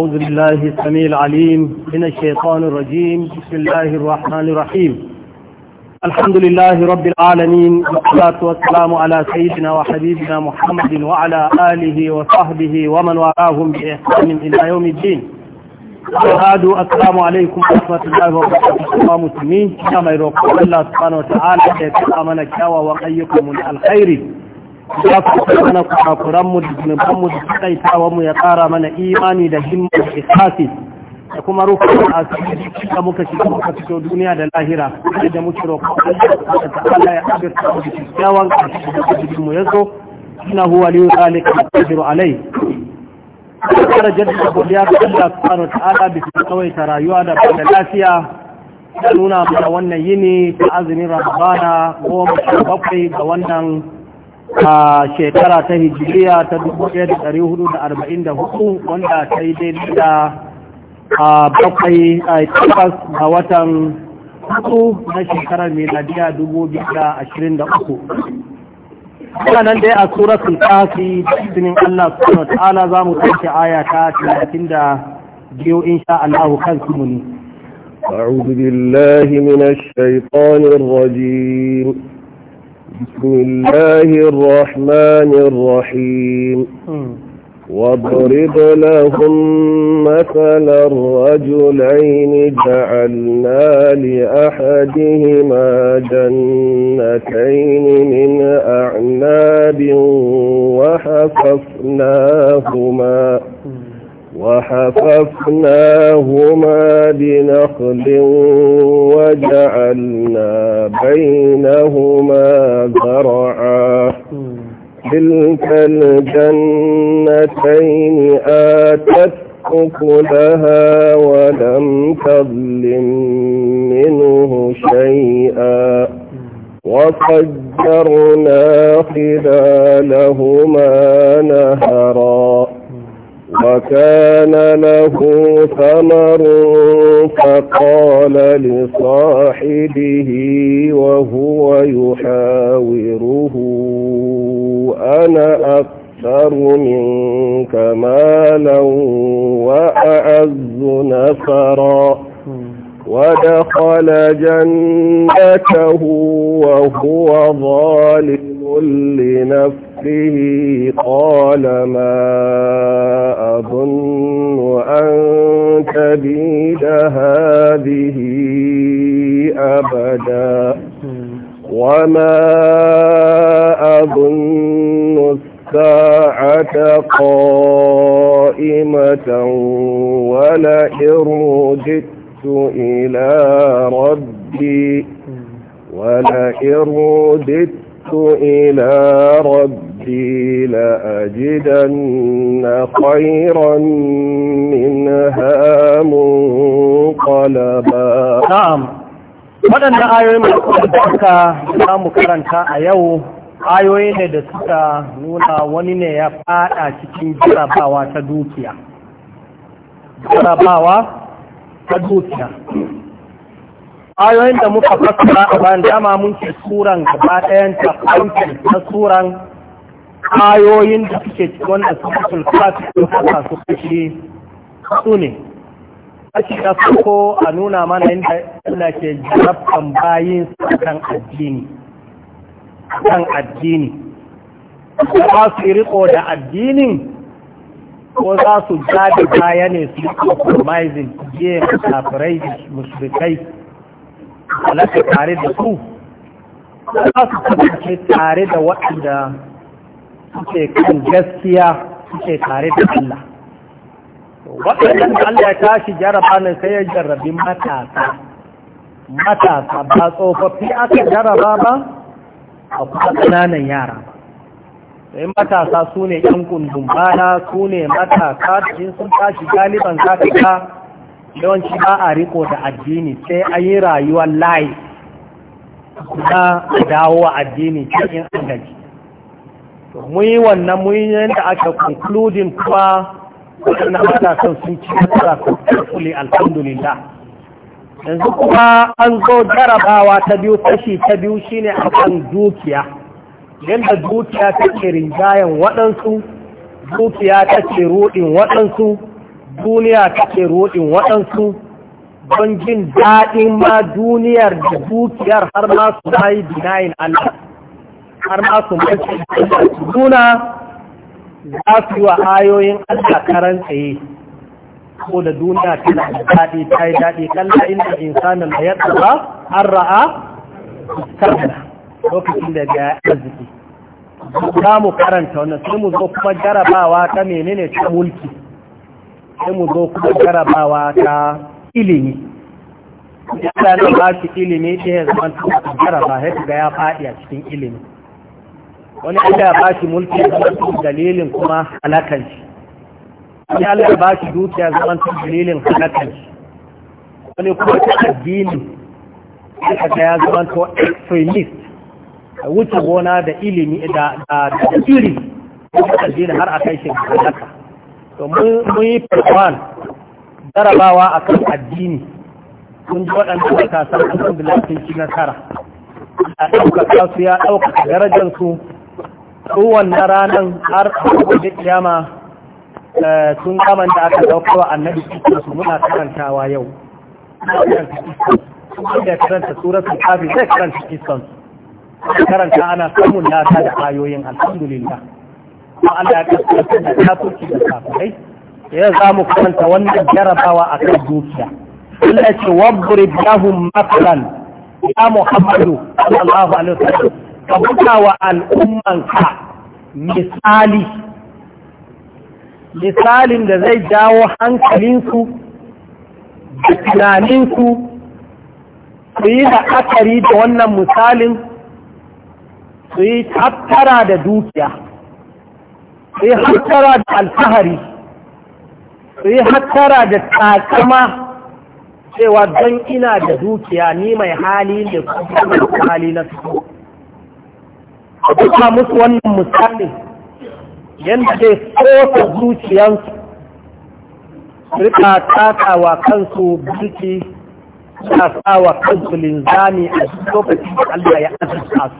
أعوذ بالله السميع العليم من الشيطان الرجيم بسم الله الرحمن الرحيم الحمد لله رب العالمين والصلاة والسلام على سيدنا وحبيبنا محمد وعلى آله وصحبه ومن وراهم بإحسان إلى يوم الدين وهذا السلام عليكم ورحمة الله وبركاته مسلمين كما يروق الله سبحانه وتعالى يتقامنا كاوى وأيكم من الخير ya kusa mana kurakuranmu da zunubanmu da mu ya kara mana imani da himmar ikhlasi da kuma rufin asiri da muka shiga muka fito duniya da lahira da muke roƙon Allah da ta'ala ya abirta mu da kyakkyawan ƙarshe da kujin mu yazo ina huwa liyu zalika qadiru alai jaddi da godiya ga Allah subhanahu wa ta'ala bisa tsawaita rayuwa da da lafiya da nuna mana wannan yini ta azumin ramadana goma sha bakwai ga wannan a shekara ta hijiriya ta 1444 wanda ta yi daidai da a bakwai a tabbas a watan hudu na shekarar uku. 2023 nan dai a suratul kafi izinin Allah Suna ta'ala za mu tafi aya ta 32 insha Allah kan su muni. أعوذ بالله من الشيطان الرجيم بسم الله الرحمن الرحيم واضرب لهم مثل الرجلين جعلنا لأحدهما جنتين من أعناب وحففناهما م. وحففناهما بنخل وجعلنا بينهما زرعا تلك الجنتين آتت أكلها ولم تظلم منه شيئا وفجرنا خلالهما نهرا وكان له ثمر فقال لصاحبه وهو يحاوره أنا أكثر منك مالا وأعز نفرا ودخل جنته وهو ظالم لنفسه مثله قال ما أظن أن تبيد هذه أبدا وما أظن الساعة قائمة ولئن رجدت إلى ربي ولئن رجدت إلى ربي ربي لأجدن خيرا منها منقلبا نعم waɗanda ayoyin makaranta za mu karanta a yau ayoyi ne da suka nuna wani ne ya fada cikin jarabawa ta ayoyin da muka fassara a bayan dama mun ce tsoron gaba ɗayan ta na ayoyin da suke cikin wannan suratul fatiha haka su kashi su ne kashi na farko a nuna mana inda yana ke jarabtan bayin kan addini kan addini ba su riko da addinin ko za su gada baya ne su yi compromising je kafirai mushrikai halaka tare da su za su kasance tare da waɗanda suke kan gaskiya suke tare da Allah waɗannan Allah ya tashi jaraba ne sai ya jarrabi matasa matasa ba tsofaffi aka jaraba ba a kuma ƙananan yara ba sai matasa su ne ‘yan kundin bana su ne matasa cikin sun tashi galiban zafika yawanci ba a riko da addini sai an yi rayuwar layi kuma dawo addini cikin an Muyi yi wannan mun yadda aka konkludin kuma wadanda matasan sun ci nasara successfully alhamdulillah yanzu kuma an zo jarabawa ta biyu fashi ta biyu shine akan dukiya yadda dukiya ta ke rinjayen waɗansu dukiya ta ke ruɗin waɗansu duniya ta ke ruɗin waɗansu don jin daɗin ma duniyar da dukiyar har ma su yi denying Allah har ma su mace nuna za su yi wa ayoyin Allah karan tsaye ko da duniya tana da daɗi ta yi daɗi kalla inda insanin da ya tsara an ra'a fuskar lokacin da ga arziki za mu karanta wannan sai mu zo kuma jarabawa ta menene ta mulki sai mu zo kuma jarabawa ta ilimi yana da ba shi ilimi ɗaya zaman ta jaraba ya ga ya faɗi a cikin ilimi wani Allah ya bashi mulki zaman dalilin kuma halakan shi wani Allah ya bashi dukiya zaman dalilin halakan shi wani kuma ta addini suka ga ya zaman to extremist a wuce gona da ilimi da iri da addini har a kai shi halaka to mun yi farkon jarabawa kan addini kun ji waɗanda suka san alhamdulillah sun ci nasara a ɗaukaka su ya ɗaukaka darajarsu kowanne ranar har da kiyama sun eh, kaman da aka daukawa annabi cikin su muna karantawa yau da karanta suratul kafin zai karanta kiskan karanta ana samun nata da ayoyin alhamdulillah kuma Allah ya kasance da kafirci da kafirai ya za mu karanta wannan jarabawa a kan dukiya Allah ce wabrib lahum masalan ya Muhammadu sallallahu alaihi wasallam ka buga wa al'ummanka misali misalin da zai jawo hankalinsu da tunaninsu su yi la'akari da wannan misalin su yi tattara da dukiya su yi hattara da alfahari su yi hattara da takama cewa don ina da dukiya ni mai hali ne kuma hali na su a duka musu wannan misali yadda zai tsoka zuciyansu rika wa kansu bulki suna wa kansu linzami a duk lokacin da Allah ya azurta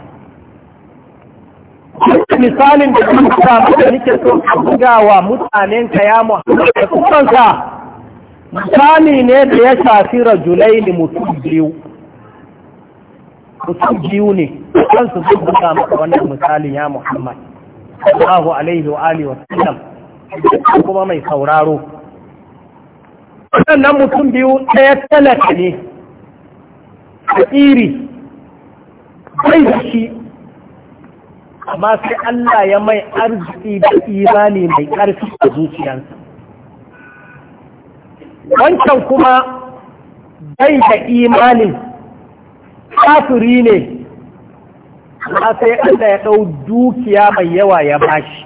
su. misalin da kuma samu da nike so ka buga wa mutanen ka ya muhammadu da kusansa misali ne da ya shafi rajulai mutum biyu mutum biyu ne kansu sun buga maka wannan misali, ya muhammad sallallahu alaihi wa alihi wa sallam kuma mai sauraro Wannan mutum biyu ɗaya talaka ne a iri bai da shi amma sai Allah ya mai arziki da imani mai ƙarfi a zuciyarsa wancan kuma bai da imanin kafiri ne Na sai Allah ya ɗau dukiya mai yawa ya bashi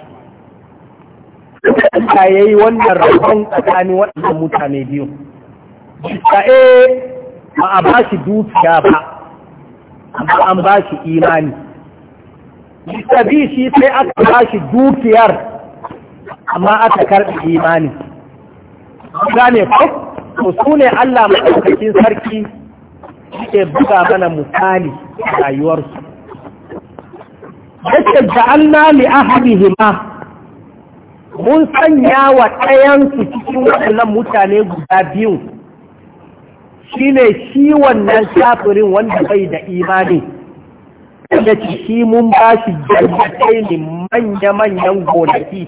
Allah ya yi wannan ragon tsakanin waɗannan mutane biyu ta e eh, ba a ba shi dukiya ba amma an ba shi imani ta bi shi sai aka ba shi dukiyar amma aka karɓi imani gane ko su ne Allah maɗaukakin sarki suke buga mana misali rayuwarsu yake ja'alna li Hima, mun sanya wa ɗayansu cikin waɗannan mutane guda biyu shi ne shi wannan shafirin wanda bai da imani da shi mun ba shi jannatai ne manya-manyan gonaki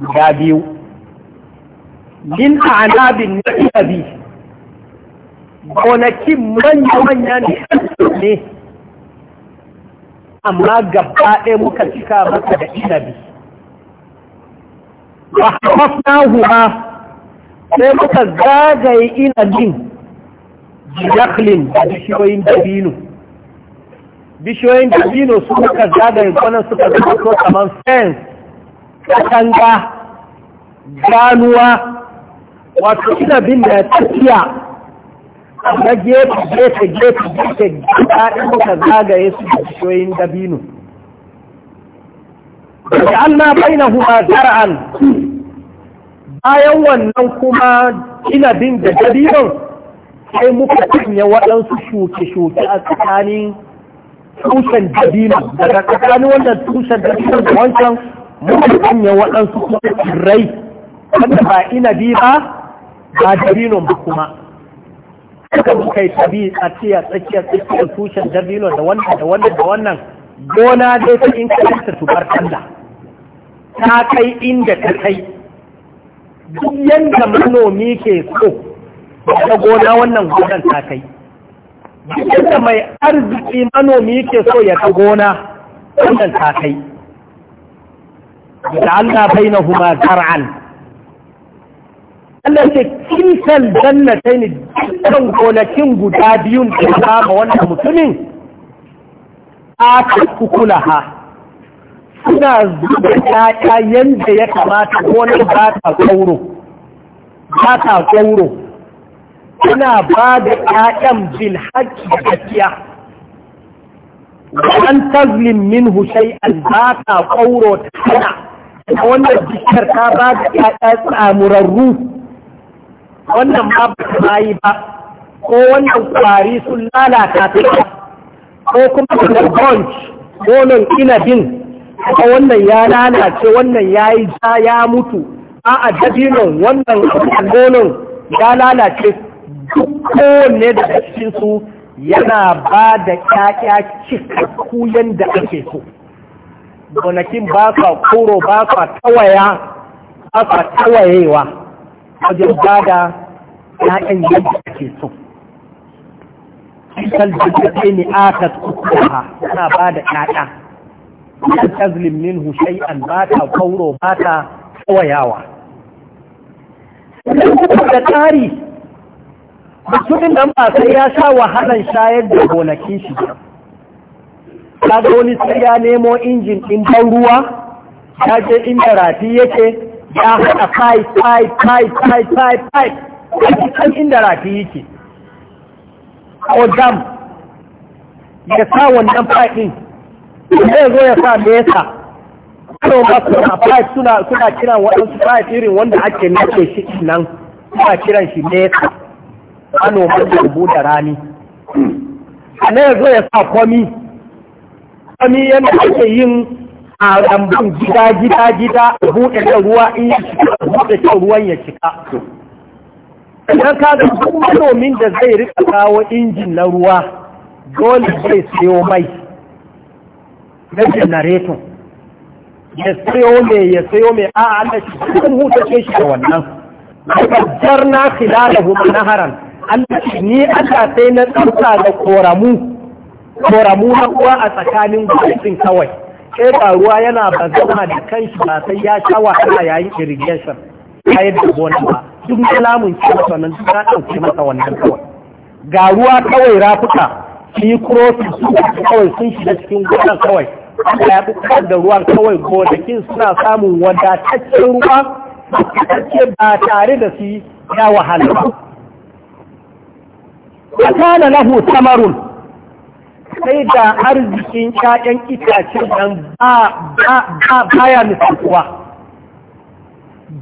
guda biyu min anabin na iya biyu gonakin manya-manya ne amma gaba ɗaya muka cika maka da inabi ba hafna huwa sai muka zagaye inabin jiyaklin da bishiyoyin dabino bishiyoyin dabino su muka zagaye gonan suka zama so kamar fence katanga ganuwa wato inabin da tafiya na gefe gefe gefe gefe daɗin muka zagaye su da bishiyoyin dabino da Allah bai na huma zara'an bayan wannan kuma inabin da dabinon sai muka sanya waɗansu shuke-shuke a tsakanin tushen dabino daga tsakanin wannan tushen dabino da wancan muka sanya waɗansu kuma rai wanda ba inabi ba ba dabinon ba kuma suka muka yi tabi a tiya tsakiya tsakiya tushen dabino da wannan da wannan da wannan gona dai ta in karanta tubar kalla ta kai inda ta kai duk yadda manomi ke so ta gona wannan gonan ta kai duk yadda mai arziki manomi ke so ya ta gona wannan ta kai da Allah bai na huma zar'an Allah ce kinsan sai ne dukkan gonakin guda biyun da ya wannan mutumin a kukula ha suna zuba ƴaƴa yadda ya kamata wani ba ta tsauro ba ta tsauro suna ba da ƴaƴan bil haƙƙi da gaskiya an tazlim min shay'an ba ta tsauro ta hana wannan bishiyar ta ba da 'ya'yan tsamurarru wannan ba ba yi ba ko wannan kwari sun lalata ta ko kuma da bunch ina bin, ko wannan ya lalace wannan ya yi ja ya mutu a dabinon wannan gonon ya lalace duk kowanne daga cikinsu yana ba da ƙyaƙya cikakku yadda ake so gonakin ba sa koro ba sa tawaya ba sa tawayewa wajen bada da ‘ya'yan yadda ake so. Kal jikatai ne aka ha yana ba da ‘ya'ya, ta tazlim min hushai an ba ta kauro ba ta tsawayawa. Da tsari, mutumin nan ba sai ya sha wahalan shayar da gonakin shi ga wani sai ya nemo injin ɗin ban ruwa, ya je inda rafi yake, ya haɗa pipe pipe pipe pipe a cikin inda rafi yake ko dam ya sa wannan pipe ya zo ya sa mesa kano ba a pipe suna kiran waɗansu pipe irin wanda ake nake shi nan suna kiran shi mesa kano ba da rubu da rani ya zo ya sa kwami kwami yadda ake yin a rambun gida gida gida buɗe da ruwa in ya cika buɗe da ruwan ya cika idan ka ga duk manomin da zai rika kawo injin na ruwa dole zai sayo mai na janareto ya sayo mai ya sayo mai a Allah shi huta hutace shi da wannan tabbatar na khilalahu naharan Allah shi ni aka sai na tsarka da koramu koramu na uwa a tsakanin gudun kawai sai ruwa yana bazama da kanshi ba sai ya sha wahala yayin irrigation kayan da gona ba duk ya lamun ce masa duk ɗauke masa wannan kawai ga ruwa kawai rafuka su kurofi su kawai sun shiga cikin gona kawai Allah ya bukar da ruwan kawai gonakin suna samun wadataccen ruwa ba tare da su ya wahala ba. Wa kana lahu samarun sai da arzikin ƙyaƙen itacen nan ba ya misaltuwa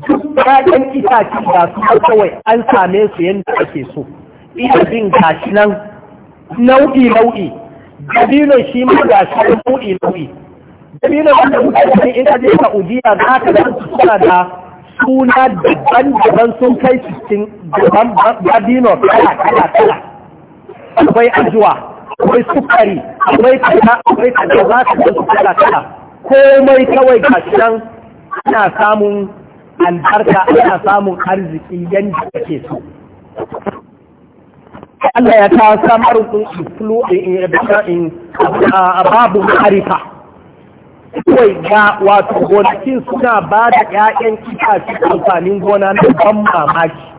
duk ƙyaƙen itacen ba su kawai an same su yadda ake so ina jin gashi nan nau'i nau'i gabino shi ma gashi nau'i nau'i dabinon wanda mutane in ka je ujiya za ka su suna da suna daban-daban sun kai cikin daban dabino kala kala kala akwai ajuwa akwai sukari akwai kaza akwai kaza za ka ga su kala kala komai kawai ga shi nan ana samun albarka ana samun arziki yanda kake so Allah ya ta samar in babu harifa kawai ga wato gonakin suna ba da 'ya'yan itace amfanin gona na ban mamaki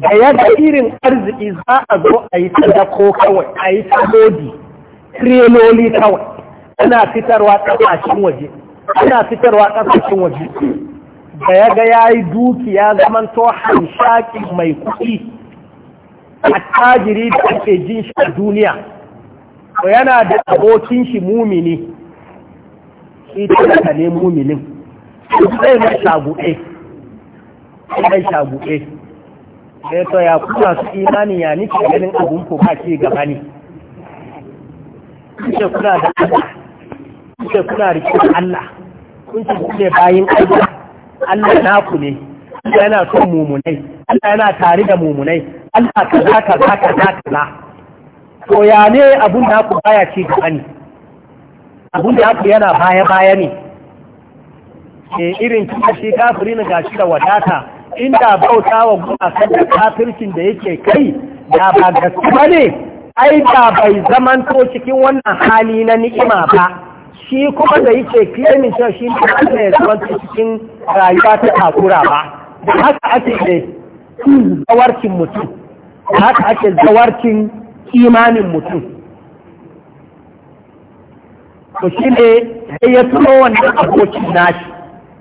da yadda irin arziki za a zo a yi dako kawai a yi lodi triloli kawai ana fitarwa ƙasashen waje ana fitarwa ƙasashen waje da ya ga ya yi dukiya zaman to hanshaki mai kuɗi a tajiri da ake jin shi a duniya to yana da abokin shi mumini shi ta ne muminin zai mai mai shagu'e da eh, to ya kuma su imani ya nike ganin abin ku ba ke gaba ne kuce kuna da Allah kuce kuna rike da Allah kun ce kuce bayin Allah Allah ku ne Allah yana son mumunai Allah yana tare da mumunai Allah za ka kaza za ka za. to ya ne abin da ku baya ce gaba ne abin da ku yana baya baya ne ke eh, irin kika shi kafiri na gashi da wadata inda bauta wa gumakan da kafircin da yake kai da ba gaskiya ne ai da bai zaman to cikin wannan hali na ni'ima ba shi kuma da yake kiyamin cewa shi ne Allah ya to cikin rayuwa ta takura ba da haka ake ne zawarcin mutum da haka ake zawarcin imanin mutum to shi ne ya tuno wannan abokin nashi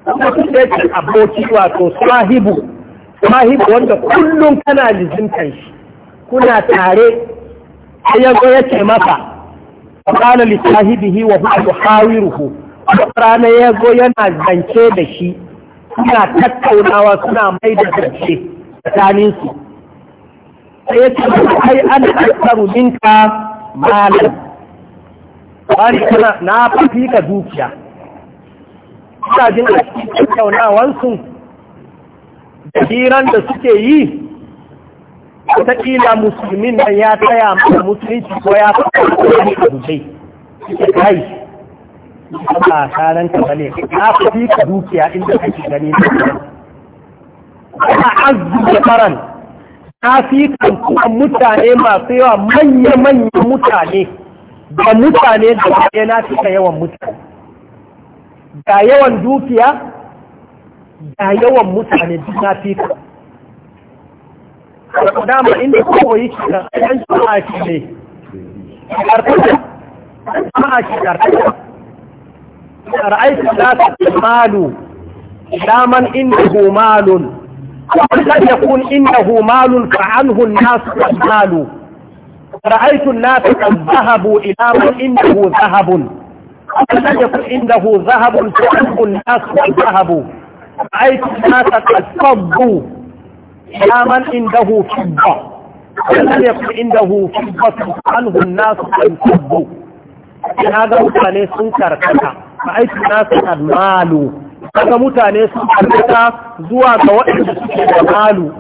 mutum da yake aboki wato sahibu sahibu wanda kullum kana lizintan shi kuna tare sai ya ce maka masa qala li sahibihi wa huwa yuhawiruhu rana ya zo yana zance da shi suna tattaunawa suna mai da zance tsakanin su sai ya ce kai an tsaro minka malam na fi ka dukiya sajin jin a cikin tattaunawansu da hiran da suke yi wataƙila musulmin nan ya taya mai musulunci ko ya faɗa wani a dubai suke kai ba a ka kamale na fi ka dukiya inda kake gani ba A da faran, na fi kan kuma mutane masu yawa manya-manyan mutane da mutane da na fi yawan mutane ga yawan dukiya ga yawan mutane duk na fi dama inda kowa yi kira yan jama'a shi ne karfata jama'a shi karfata ra'aiki za ta malu daman inda hu malun kan yakun inda hu malun fa'anhu nasu malu na fi kan zahabu ila man inda hu zahabun قد لم يكن عنده ذهب فألقوا الناس والذهب رأيت الناس قد من عنده فضة يكن عنده فضة الناس قد هذا mutane sun malu mutane sun zuwa ga waɗanda suke da malu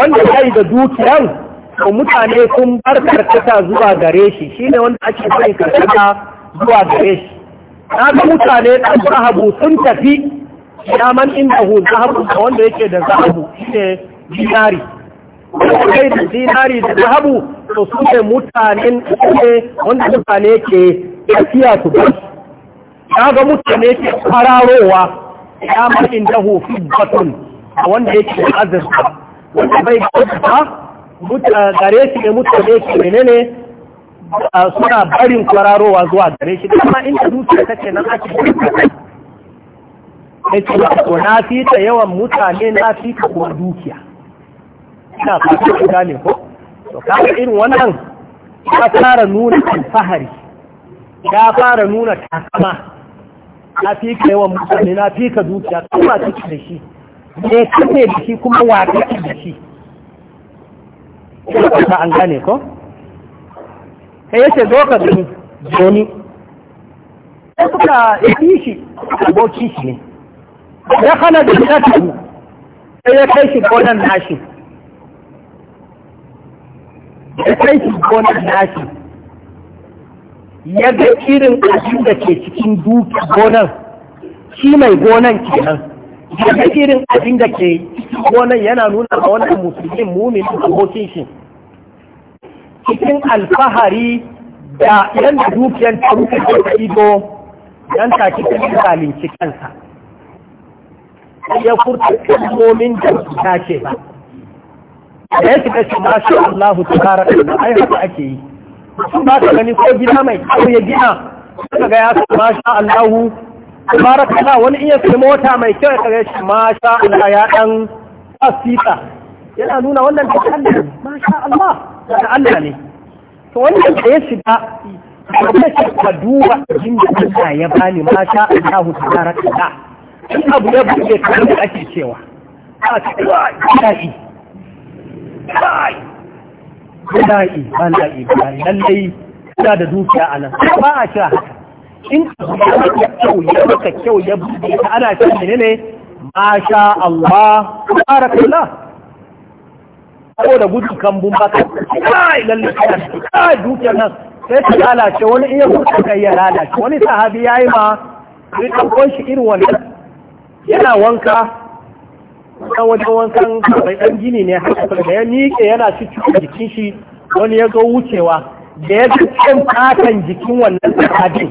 wanda ya yi da dukiyar to mutane sun bar karkata zuwa gare shi shine wanda ake sai karkata zuwa gare shi kaga mutane dan zahabu sun tafi daman inda hu zahabu da wanda yake da zahabu shine dinari kai da dinari da zahabu to su ne mutanen ne wanda mutane ke tafiya su bar kaga mutane ke fararowa daman inda hu fiddatun wanda yake azurta wanda bai da gare shi ne mutane ke menene suna barin kwararowa zuwa gare shi kuma inda zuciya ce nan ake ya ce wato na fita yawan mutane na fita kuma dukiya ina fata ku gane ko to kama irin wannan ya fara nuna alfahari ya fara nuna takama na ka yawan mutane na ka dukiya kuma take da shi ne kake da shi kuma wa kake da shi kuma an gane ko sai yace zo ka gani joni sai suka yi shi abokin shi ne ya kana da shi sai ya kai shi gonan nashi ya kai shi gonan nashi ya ga irin ƙashin da ke cikin duki gonan shi mai gonan kenan daga irin abin da ke wannan yana nuna ga wannan musulmin mumin abokin shi cikin alfahari da yanda dukiyar ta rufe ta ido yan ta cikin zalunci kansa ya furta momin da ta ce ba da ya shiga shi mashi Allah ta kara da ai haka ake yi su ba ka gani ko gida mai kawo ya gina suka ga ya sa mashi Allah amma wani iya sai mota mai kyau ya kare shi masha Allah ya dan asita yana nuna wannan ta Allah masha Allah ta Allah ne to wannan da ya shiga kuma shi ka duba jin da Allah ya bani masha Allah tabaraka da in abu ya buɗe kamar da ake cewa a cewa da'i da'i da'i ba da'i ba lallai ina da dukiya a nan ba a cewa haka in da kyau ya maka kyau ya buɗe ta ana ta ne ne masha Allah barakallah ko da gudun kambun baka kai lalle kai dukiyar nan sai ta lalace wani iya kuka kai ya lalace wani sahabi yayi ma sai kan shi irin wannan yana wanka wajen wankan mai dan gini ne haka da ya nike yana shi cikin jikin shi wani ya ga wucewa da ya ji kan katan jikin wannan sahabin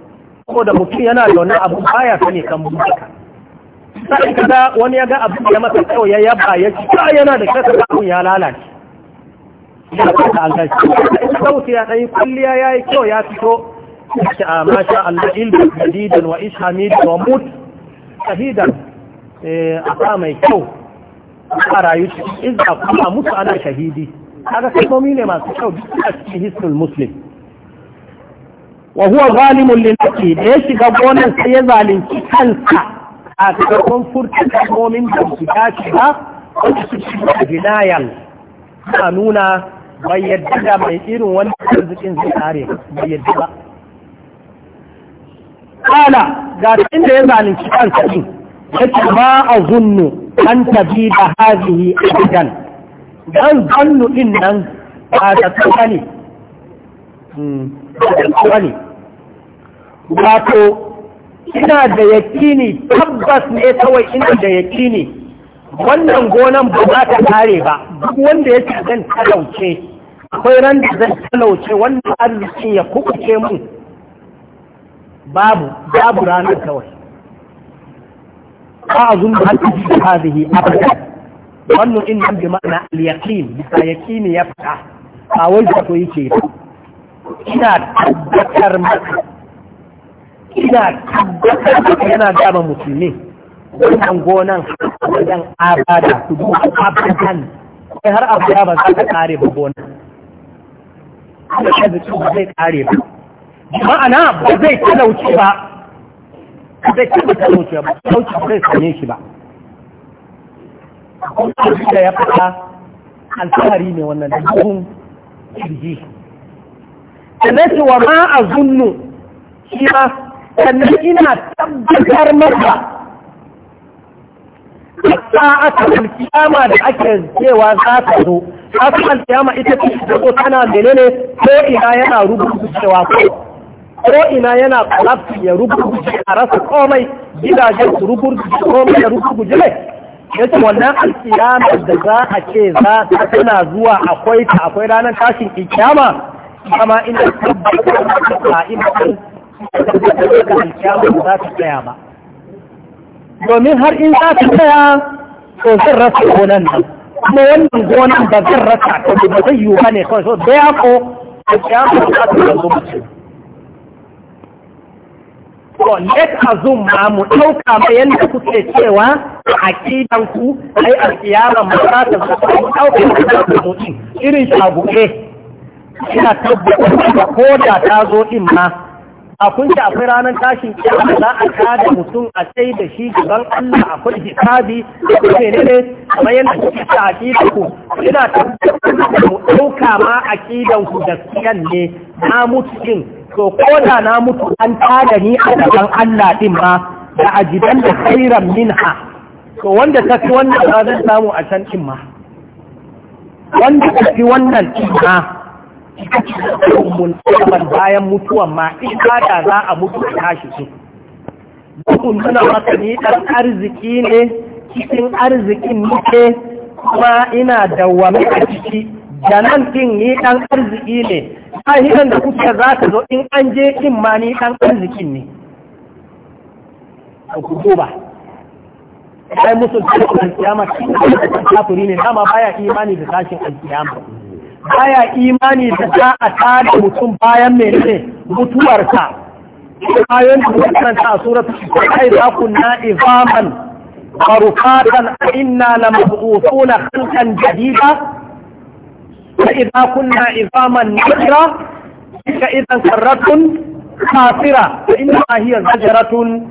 saboda mutum yana da wani abu baya sani kan bukata sai kaga wani ya ga abu ya masa kyau ya yaba ya ci ba yana da kasa abun ya lalace ya kasa an sauti ya dai kulliya yayi kyau ya fito a ah, masha Allah ilmu jadidan wa ishamid wa mut shahidan eh, a sa mai kyau a rayu cikin izza kuma mutu ana shahidi kaga kalmomi ne masu kyau duk a cikin hisnul muslim wa huwa zalimun li nafsi da ya shiga gonar sai ya zalunci kansa a cikin furta kalmomin da su ta shiga wanda su shi da jinayan ta nuna bai yadda da mai irin wani arzikin zai tare bai yadda ba kala ga inda ya zalunci kansa din ba a zunnu an tabi da hazihi gidan, dan zannu din nan ba ta tsaka ba ne wato ina da yakini tabbas ne kawai ina da yakini wannan gonan ba za ta kare ba duk wanda ya ce zan talauce akwai ran da zan talauce wannan arziki ya kukuce mun babu babu ranar kawai ba a zumba ji da a abada wannan in bi ma'ana al-yaqin bisa ya fada ba wai zato yake ba ina tabbatar maka ina tabbatar maka yana dama musulmi wannan gonan wajen abada su duka abadan sai har abu ya ba za ka kare ba gonan da arziki ba zai kare ba ma'ana ba zai talauci ba zai taɓa talauci ba talauci ba zai same shi ba kuma da ya fata alfahari ne wannan da duhun kirji sannan wa ma a zunnu shi ma sannan ina tabbatar a sa'ata alkiyama da ake cewa za ta zo sa'ata alkiyama ita ce da ko tana ne ko ina yana rubutu cewa ko ko ina yana kwalafi ya rubutu a rasa komai gidajen su rubutu komai ya rubutu jimai ya ce wannan alkiyama da za a ce za ta tana zuwa akwai ta akwai ranar tashin kiyama amma ina tabbatar da ka'imatin da ga alkiyama ba za ta tsaya ba domin har in za ta tsaya to zan rasa gonan nan kuma wannan gonan ba zan rasa ta ba zai yiwuwa ne kawai so da ya ko alkiyama ba ta zo mace to let azum ma mu ɗauka ma yadda kuke cewa a kidan ku ai alkiyama ba za ta zo ɗauka ta zo irin shagu'e ina tabbatar da ko da ta zo din ma a kunshi akwai ranar tashin kiyama za a kada mutum a sai da shi gaban Allah a akwai hisabi da ne ne kamar yadda kuke ta aqida ku ina tabbatar da mu dauka ma aqidan ku da siyan ne na mutu din to ko da na mutu an tada ni a gaban Allah din ma da ajidan da khairan minha to wanda ta fi wannan zan samu a can din ma wanda ta fi wannan din ma muntaban bayan mutuwan ma ibada za a mutu a tashi su bukun nuna masa ni dan arziki ne cikin arzikin nike kuma ina dawwame a ciki janan din ni dan arziki ne a hidan da kuka za ta zo in an je kin ma ni dan arzikin ne ku duba ai musulmi da kiyama cikin kafuri ne dama baya imani da tashin alkiyama baya imani da za a tada mutum bayan mai ne mutuwarsa bayan da wannan ta sura ta shiga kai za ku na ifaman barukatan inna la mabusuna khalqan jadida fa idza kunna ifaman nadra fa idza sarratun khasira fa inna hiya zajratun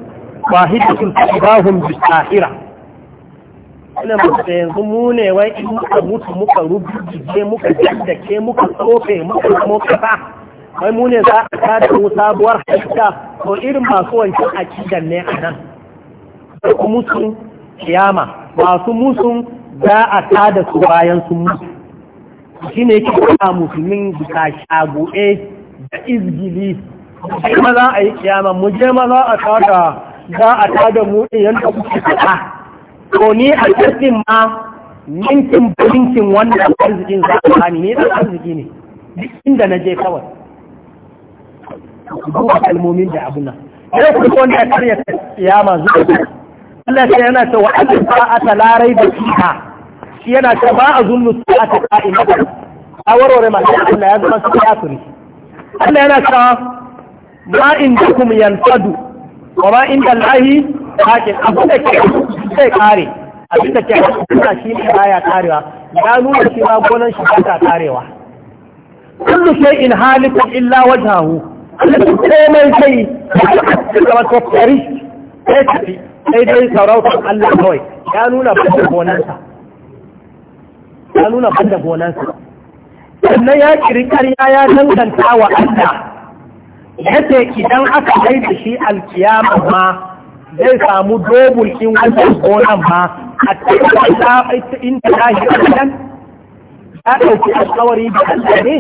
wahidatun fa idahum bisahira ina mutu yanzu mu ne wai in muka mutu muka rubuje muka jaddake muka tsofe muka kuma kasa wai mu ne za a kada mu sabuwar halitta ko irin masu wancan akidan ne a nan ku musu kiyama masu musun za a kada su bayan sun mutu shi ne ke kuma musulmin bisa shagu'e eh, da izgili sai ma za a yi kiyama mu je ma za a tada za a tada mu ɗin yadda kuke faɗa to ni a jirgin ma yankin bilinkin wannan arzikin za a bani ne da arziki ne duk inda na je kawai duba kalmomin da abu nan yau kuma wanda ya karya kiyama zuwa Allah sai yana cewa ajin sa'ata larai da fiha shi yana cewa ba a zunnu sa'ata qa'imatan a warware ma Allah ya zama su turi. Allah yana cewa ma in indakum yanfadu wa ma inda Allah hakin abu da ke zai kare abinda ke hannunsa shi ne baya karewa ya nuna shi ma gonan shi ba ta karewa kullu shay in halikun illa wajhahu alladhi komai sai ya zama ko sai sai dai sarauta Allah kai ya nuna banda gonansa ya nuna banda gonansa sannan ya kiri ƙarya ya danganta wa Allah yace idan aka haita shi alkiyama ma zai samu dobul in wannan gonan ma a cikin inda ta yi ɗan ya ɗauki alkawari da Allah ne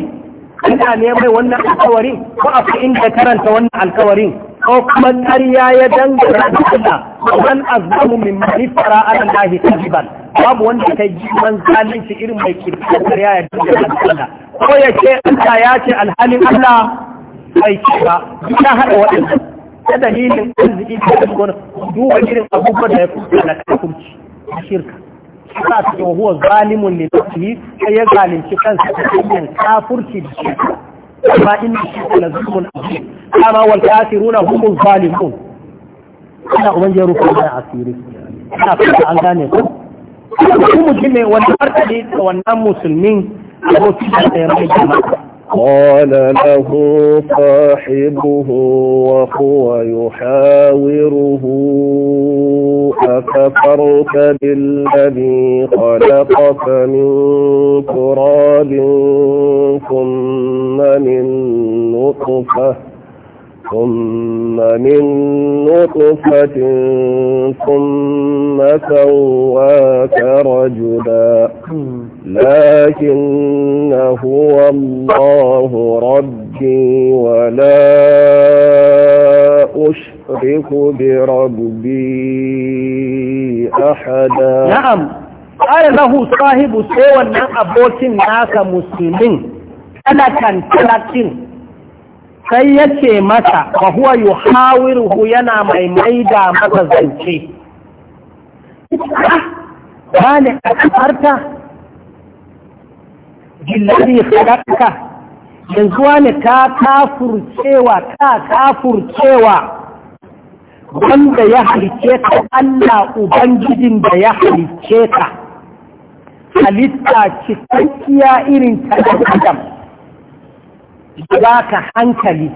ina neman wannan alkawari ko a inda karanta wannan alkawarin ko kuma ƙarya ya dangara da Allah man azzamu min manifara ala Allah kadiban babu wanda ta ji man zalunci irin mai kirkiyar ƙarya ya dangara da Allah ko ya ce Allah ya ce alhalin Allah bai ce ba ya haɗa waɗannan ta dalilin arziki ta gona duba irin abubuwan da ya kuka na kafurci a shirka suna cikin huwa zalimun ne nafsihi sai ya zalunci kansa ta hanyar kafurci da shirka amma in shi na zulmun abu kama wal kafiruna hum zalimun ana jeru rufe mana asiri ina fata an gane ku kuma mutum ne wani martani da wannan musulmin abokin da ya rage jama'a قال له صاحبه وهو يحاوره أكفرت بالذي خلقك من تراب ثم من نطفة ثم من نطفة ثم سواك رجلا لكن هو الله ربي ولا أشرك بربي أحدا نعم قال له صاحب سوى أن أبوك ناك مسلمين تلكا تلكا sai ya ce masa wa huwa yuhawiruhu yana mai maida masa zance ba ne a kafarta billazi khalaqaka yanzu wani ka kafurcewa ka kafurcewa wanda ya halice ka Allah ubangijin da ya halice ka halitta cikakkiya irin ta adam ya ka hankali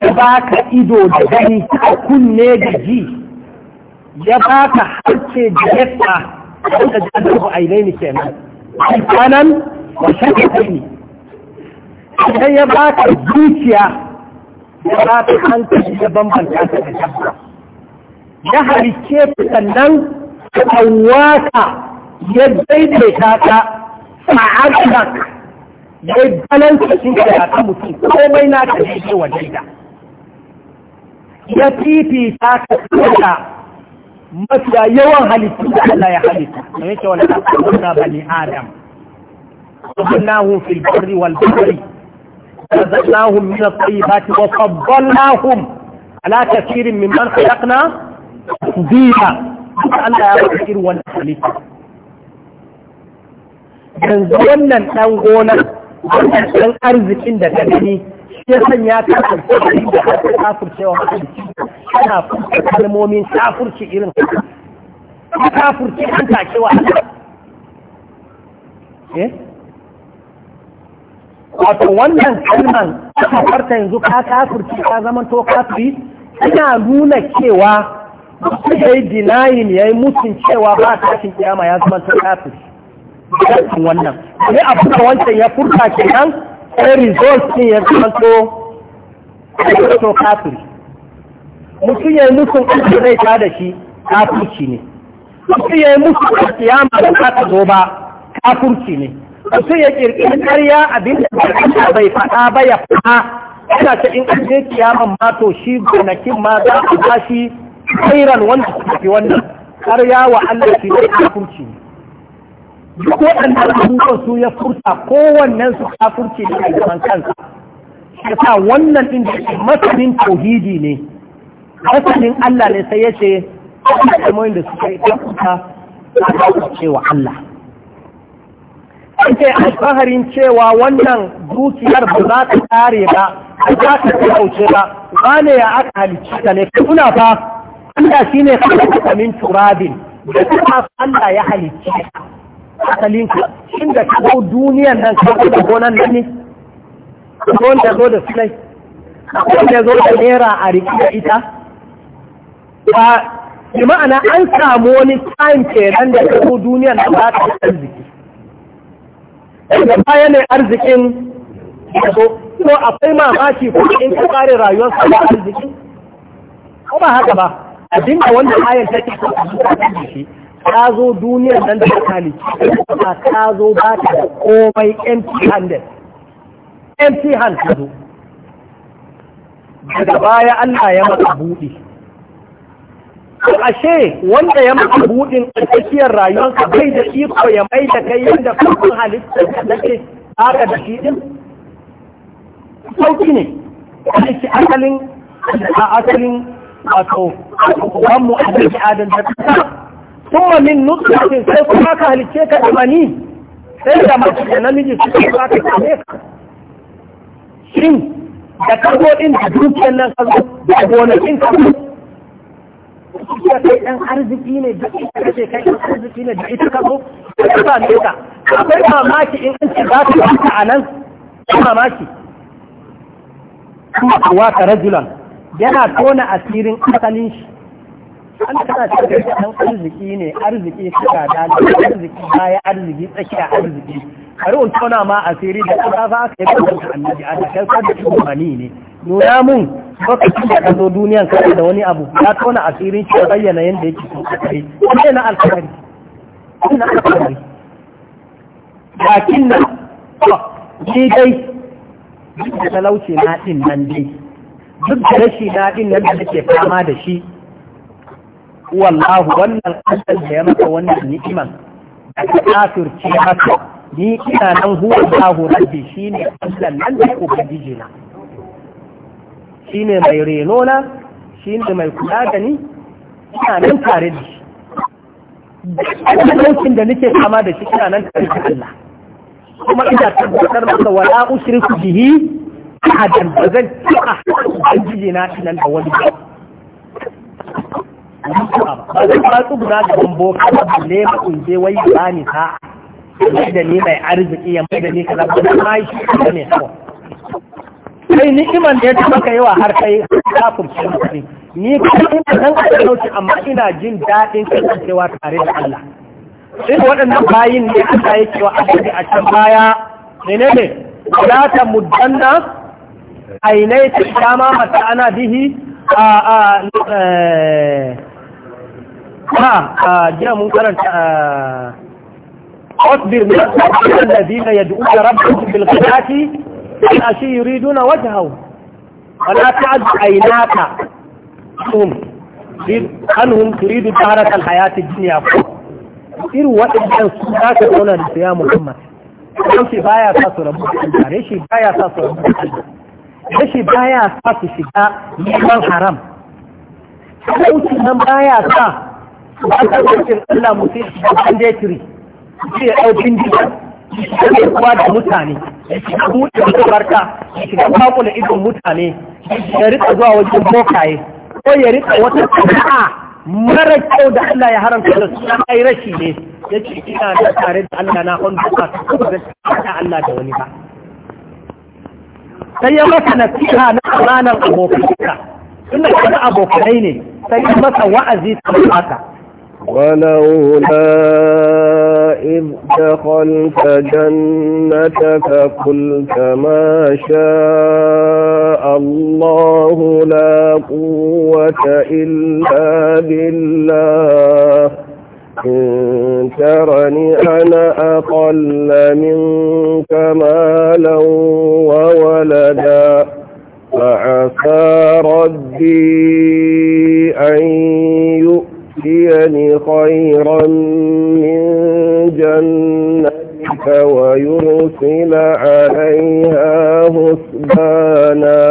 ya baka ido da gani ka kunne da ji ya baka harce da yadda da da da ainihin nan. alfanan wa shakatani idan ya baka zuciya ya baka hankali ya bambanta ta da dabba ya halice sannan kawaka ya daidaita ta ma'ajinak ya yi balanta shi da ta mutum komai na ta daidai wa daida ya fifita ta mafiya yawan halittu da Allah ya halitta kamar yake wani abubuwa bani adam وفضلناهم في البر والبحر رزقناهم من الطيبات وفضلناهم على كثير ممن خلقنا تفضيلا Allah ya kafir wani halitta yanzu wannan ɗan gonar wannan ɗan arzikin da ta gani ya sanya ka alƙawari da aka kafurcewa mahalicci kana furta kalmomin kafurci irin ka kafurci an takewa eh wato wannan kalman aka farta yanzu ka kafurci ka zaman to kafiri ina nuna cewa ya yi dinayin ya yi mutum cewa ba tashin kiyama ya zama ta kafiri wannan ne a da wancan ya furta ke nan. sai result ɗin ya zanto to kafiri mutum ya yi musu ƙarfi zai ta da shi kafirci ne mutum ya yi musu kiyama da za ta zo ba kafirci ne mutum ya ƙirƙiri ƙarya abin da ba bai faɗa ba ya faɗa yana ta in an je kiyaman ma to shi gonakin ma za a ba shi kairan wanda su fi wannan ƙarya wa Allah shi zai kafirci ne duk waɗannan abubuwan su ya furta kowannen su kafurci da aikin kansa ya sa wannan ɗin da masanin tauhidi ne masanin Allah ne sai ya ce kalmomin da suka yi kafuta a kafuce wa Allah ake alfaharin cewa wannan dukiyar ba za ta kare ba ba za ta kauce ba wane ya aka halicci ta ne kuna fa Allah shine kalmomin turabin da Allah ya halicci ta asalinku inda ka zo duniyan nan ka zo da gonan nan ne ko da zo da sulai ko da zo da naira a riki da ita ba bi ma'ana an samu wani time kenan da ka zo duniyan nan ba ta arziki daga baya ne arzikin ya zo ko akwai mamaki ko in ka kare rayuwar sa ba arziki ko ba haka ba abin da wanda ayyanta ke so a zuwa da ta zo duniyar nan da kali kuma ta zo ba ta da komai empty handed empty hand ta zo daga baya Allah ya maka buɗe ashe wanda ya maka buɗin a tsakiyar ka bai da iko ya mai da kai yadda farkon halittar da nake haka da shi ɗin sauki ne wani shi asalin a asalin wato mu a cikin adam da ta kuma min نطفة sai kuma ka halice ka da mani sai da mace da namiji su ka ka kame ka shin da akwai mamaki in an za ka ta a nan mamaki kuma kuwa ka rajulan yana tona asirin asalin shi an tana cikin ɗan arziki ne arziki suka dala arziki baya arziki tsakiya arziki kare un tona ma asiri da ƙasa za ka yi ƙasar da annabi a da kai da shugabanni ne nuna mun lokacin da ka zo duniyan kare da wani abu ya tona asirin shi ya bayyana yadda yake so a kai ne na alfahari na alfahari lakin na ni dai duk da talauci na ɗin nan dai duk da rashi na ɗin nan da nake fama da shi wallahu wannan Allah da ya maka wannan ni'iman da ka kafirce maka ni ina nan huwa Allahu rabbi shine Allah nan da ubangiji na shine mai reno na shine mai kula da ni ina nan tare da shi duk lokacin da nake kama da shi ina nan tare da Allah kuma ina tabbatar maka wala ushriku bihi ahadan bazan zan ci na nan da wani ba wani zai ba su guda da bambo kada ne ba in je wai ba ni ta mai da ni mai arziki ya mai da ni kaza ba ma shi ne ne sai iman da ya taɓa ka yi wa har kai kafin shi ni kuma ina nan a talauci amma ina jin daɗin kasancewa tare da Allah sai waɗannan bayin ne aka yi cewa Allah a can baya menene la ta mudanna ainai ta kama mata ana bihi a a eh, a jiya mun karanta اصبر من الذين يدعون ربهم بالغداة والعشي يريدون وجهه ولا تعد عيناك هم عنهم تريد جهرة الحياة الدنيا إر وإن سناك دولة يا محمد Kamshi baya sa su rabu da rashi baya sa su rabu da rashi baya sa su shiga neman haram. Sauci nan baya sa ba ka cikin Allah mutum da banditry sai ya ɗau bindiga shiga kuwa da mutane shiga buɗe makabarta shiga kakula idon mutane ya rika zuwa wajen bokaye ko ya rika wata sana'a mara kyau da Allah ya haramta da su na kai rashi ne ya ce ina da tare da Allah na wanda ba su kuma da Allah da wani ba sai ya masa nasiha na ranar abokanka tunda kana abokanai ne sai ya masa wa'azi ta haka ولولا إذ دخلت جنتك قلت ما شاء الله لا قوة إلا بالله إن ترني أنا أقل منك مالا وولدا فعسى ربي أن البدن خيرا من جنتك ويرسل عليها حسبانا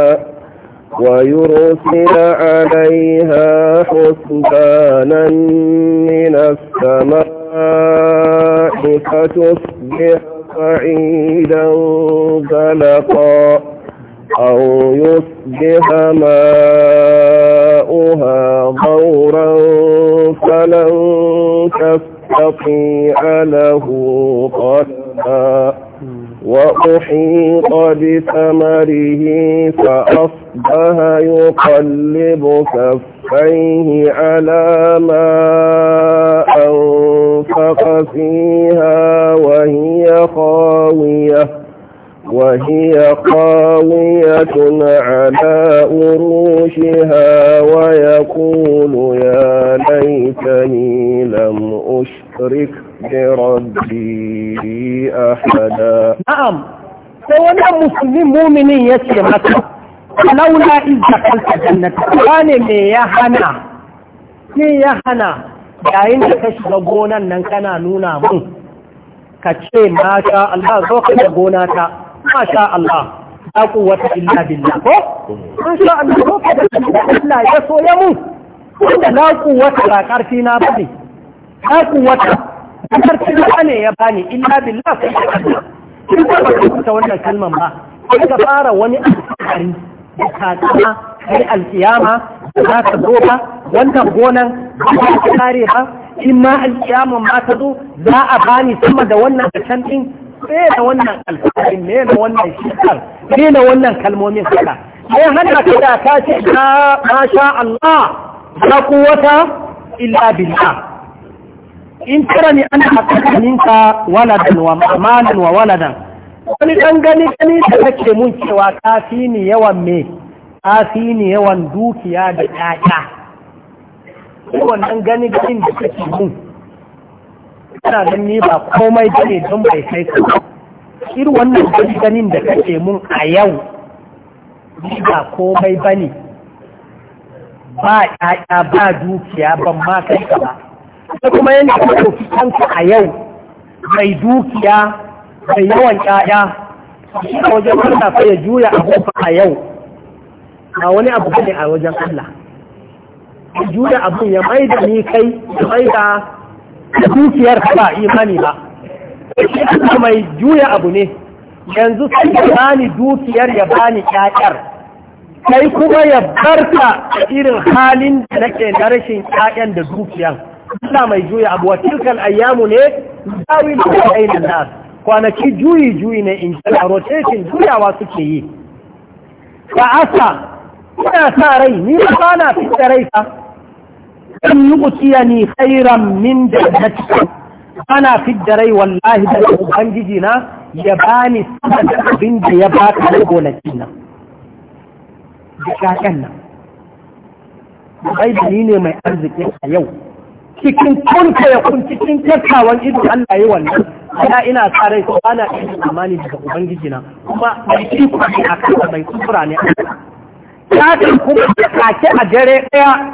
ويرسل عليها حسبانا من السماء فتصبح صعيدا زلقا أو يصبح ماؤها غورا ولن تستطيع له قتلا وأحيط بثمره فأصبح يقلب كفيه على ما أنفق فيها وهي خاوية وهي خاوية على أروشها ويقول يا ليتني لم أشرك بربي أحدا نعم سوانا مسلم مؤمن يسمك لولا إذ دخلت جنة كان ميهنا ميهنا yayin da ka shiga gonan nan kana nuna mun ka ce mata Allah zo ka da gona ta Masha sha Allah la quwwata illa billah ko in sha Allah ko kada Allah ya so ya mu wanda la quwwata ba karfi na bane la quwwata karfi na ne ya bani illa billah sai Allah in ba ka wannan kalman ba ka fara wani alƙari da takama kai alkiyama za ka zo ba wannan gonan ba ka kare ba in ma alkiyaman ma ta zo za a bani sama da wannan da can din rena wannan alfaharin rena wannan shekar rena wannan kalmomin haka sai hana ka da ta ce na sha Allah la kuwata illa billah in ne ana hakka ninka waladan wa malan wa waladan wani ɗan gani gani da kake mun cewa fi ni yawan me fi ni yawan dukiya da ƴaƴa wannan gani gani da kake mun kana nan ni ba komai ne don bai kai ka ir wannan ganin da kake mun a yau ni ba komai bane ba ƴaƴa ba dukiya ban ma kai ka ba sai kuma yanda ka ɗauki kanka a yau mai dukiya mai yawan ƴaƴa shi a wajen Allah fa ya juya abu a yau ba wani abu ne a wajen Allah juya abun ya maida ni kai ya maida dukiyar ba imani ba shi mai juya abu ne yanzu sai ya bani dukiyar ya bani ƙyaƙyar Sai kuma ya barka irin halin da nake na rashin 'ya'yan da dukiyan ita mai juya abu wa tilkal ayyamu ne dawi da na nas kwanaki juyi juyi ne in ji rotation juyawa suke yi ba asa ina sa rai ni ba na fita rai an يؤتيني خيرا min jannatika ana fidda rai والله da ubangiji يباني ya bani sanar لقولتنا da ya baka da يأرزك nan da nan ne mai arziki a yau cikin kunta ya kun cikin ido Allah yi wannan ina ina sa rai ko ana yin amani daga ubangiji na kuma mai iko a kan mai kusura ne a kan kuma kake a dare ɗaya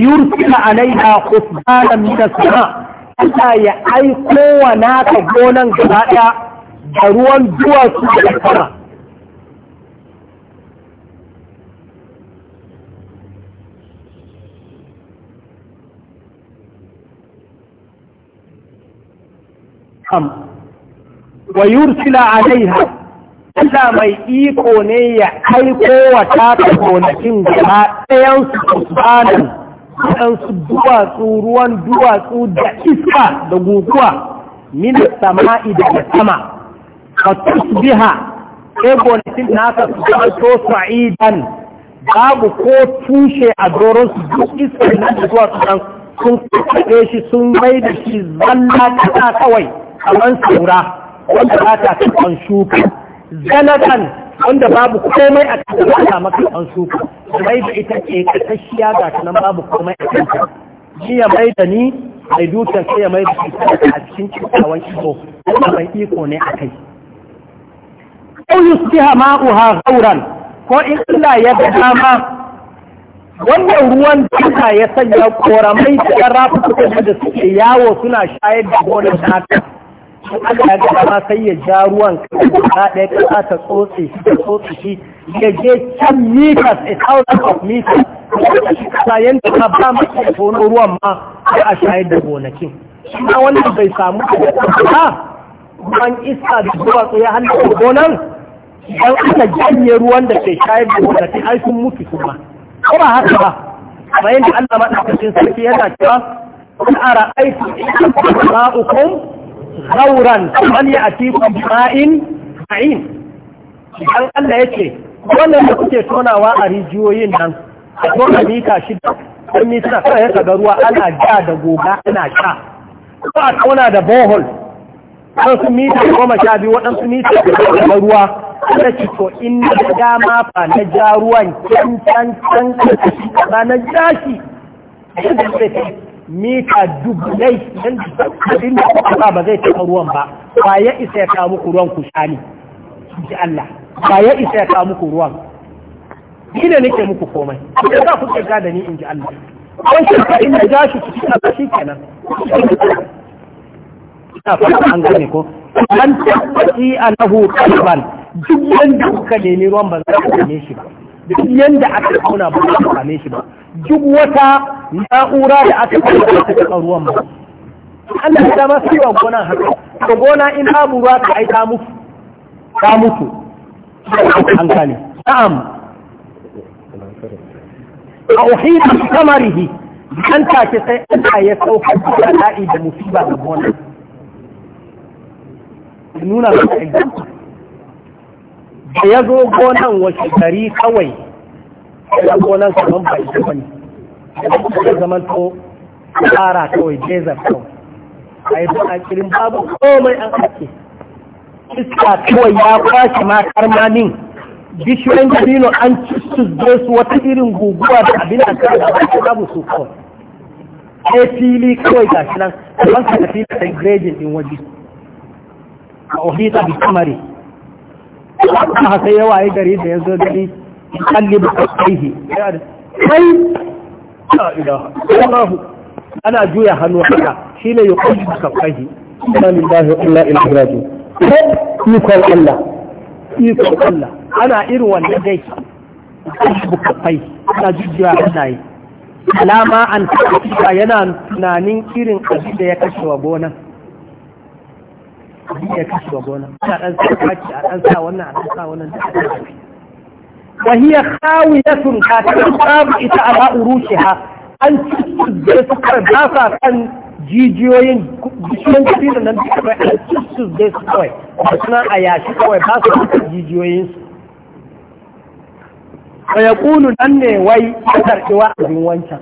yursila alaiha khusbanan min as-sama Allah ya aiko wa gonan gaba daya da ruwan duwatsu da sama wa yursila alaiha Allah mai iko ne ya aiko wa taka gonakin gaba ɗayan su waɗansu duwatsu ruwan duwatsu da iska da guguwa min sama'i da sama ka tusbiha sai gonakin naka su so sa'idan babu ko tushe a doron su duk iska na da zuwa su sun kaɗe shi sun mai da shi zalla kasa kawai kamar saura wanda za ta kan shuka zanadan wanda babu komai a kan da aka maka an suka mai da ita ce kasashiya ga ta nan babu komai a kan shi ya mai da ni mai dutar sai ya mai da shi a cikin cikawan iko kuma mai iko ne a kai su au yusbiha ha gauran ko in Allah ya ga dama wannan ruwan da ya sanya koramai da rafuka da suke yawo suna shayar da gonar da haka ko aka ya gaba ma sai ya ja ruwan kasa ɗaya kasa ta tsotsi shi ta tsotsi shi ya je can meters a thousand of meters sayan ta ba ma ke tono ruwan ma sai a shayar da gonakin kuma wannan bai samu da ba ruwan iska da zuwa ya hannun gonan idan aka janye ruwan da ke shayar da gonakin ai sun mutu kuma ko ba haka ba bayan da Allah madaukakin sarki yana cewa kun ara aiki in kun gauran man ya atikum ma'in ma'in idan Allah yake wannan da kuke tonawa a rijiyoyin nan a ko a mita shida don mita kawai ya ga ruwa ana ja da goga ana sha ko a tona da bohol waɗansu mita goma sha biyu waɗansu mita da ruwa ta ci to in na dama fa na ja ruwan can can can ka na ja shi mita dubbai don abin da kuka ba zai taɓa ruwan ba ba ya isa ya kawo muku ruwan ku shani ji Allah ba ya isa ya kawo muku ruwan ina nake muku komai idan za ku kirga da ni in ji Allah wani shi in da gashi shi cika ba shi kenan ina fata an gane ko an tabbati annahu kalban duk wanda kuka nemi ruwan ba za ku neme shi ba duk yanda aka kauna ba a same shi ba duk wata na'ura da aka kauna ba ta taɓa ruwan ba Allah ya dama su wa gona haka to gona in babu ruwa ka aika ta mutu ta mutu an kane na'am a uhida samarihi an take sai Allah ya saukar da bala'i da musiba ga gona nuna maka example da ya zo gonan wace gari kawai ya gonan kamar ba ita ba ne ya zama to tsara kawai jezar kawai a yi zuwa kirin babu komai an ake iska kawai ya kwashe ma karmanin bishiyoyin dabino an ci su wata irin guguwa da abin da ta da wata babu su kawai a fili kawai ga shi nan ban ka tafi da gredin din waje a ohita bi kamari a sai yawa ya gari da ya zo gani kallibu kaihi ana juya hannu haka shine yuqallibu kaihi inna lillahi wa inna ilaihi raji'un ikon Allah ikon Allah ana irin wannan dai kallibu ana hannaye alama an yana tunanin irin abin da ya kashe wa gonan abin ya kashe wa gona ana ɗan sa kaki a ɗan sa wannan a ɗan sa wannan da aka tafi wa hiya khawiyatun ta babu ita a ba urushiha an cuttuzge su kar ba sa kan jijiyoyin bishiyoyin da nan duka bai an cuttuzge su kawai ba suna a yashi kawai ba su kan jijiyoyinsu wa ya ƙunu nan ne wai ya karɓi wa'azin wancan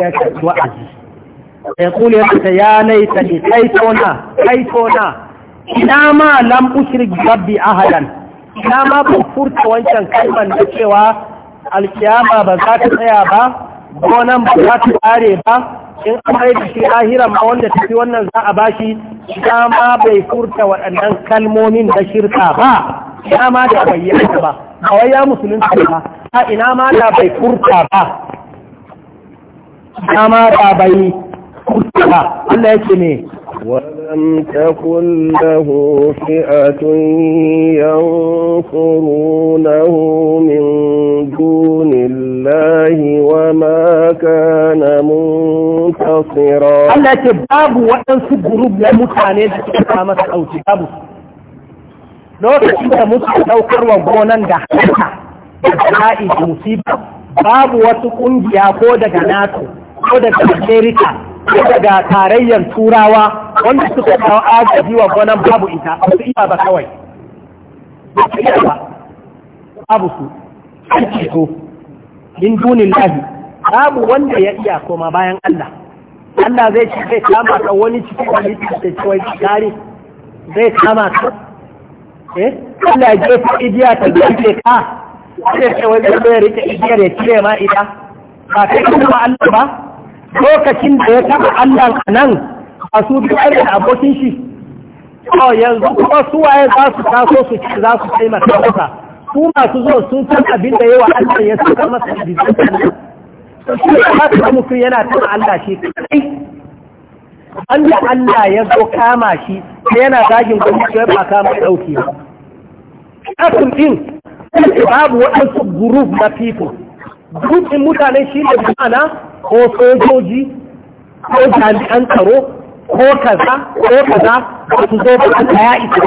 ya karɓi wa'azi يقول يا ليتني كيتونا kaitona ina ma lam ushrik rabbi ahadan ina ma ban furta wancan kalman da cewa alkiyama ba za ta tsaya ba gonan ba za ta tsare ba in amai da shi ahira ma wanda tafi wannan za a bashi ina ma bai furta waɗannan kalmomin da shirka ba ina ma da bayyana ba a waya musulunta ba ina ma da bai furta ba ina ma da bai Allah yake ne ولم تكن له فئة ينصرونه من دون الله وما كان منتصرا الله تباب وأنسو قروب يا متعنين أمامك أو تباب لو تشيك تكنت متعنين وبونا دحكا بحائج مصيبة باب وتكون بيابو دقناته ko daga amerika daga tarayyar turawa wanda suka kawo agaji wa gonan babu ita su iya ba kawai babu su an ceto min dunin lahi babu wanda ya iya koma bayan Allah Allah zai ce zai kama ka wani cikin wani cikin cewa kare zai kama ka eh Allah ya ce idiya ta rike ka sai ce wai zai rike igiyar ya cire ma ita ba kai kuma Allah ba lokacin da ya taɓa Allah nan a su biyar da abokin shi to yanzu kuma suwaye za su taso su ci za su taimaka masa su masu zo sun san abin da yawa Allah ya saka masa da bizanta to shi ne haka mutum yana taba Allah shi kai wanda Allah ya zo kama shi yana zagin gwamnati ya ba kama dauki ba babu waɗansu group na people group ɗin mutane shi ne ma'ana ko sojoji ko jami'an tsaro ko kaza ko kaza ba su zo ba a ya isa